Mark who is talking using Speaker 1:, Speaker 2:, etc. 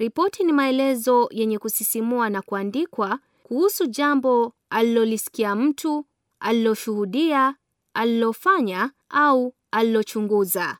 Speaker 1: Ripoti ni maelezo yenye kusisimua na kuandikwa kuhusu jambo alilolisikia mtu, aliloshuhudia, alilofanya au
Speaker 2: alilochunguza.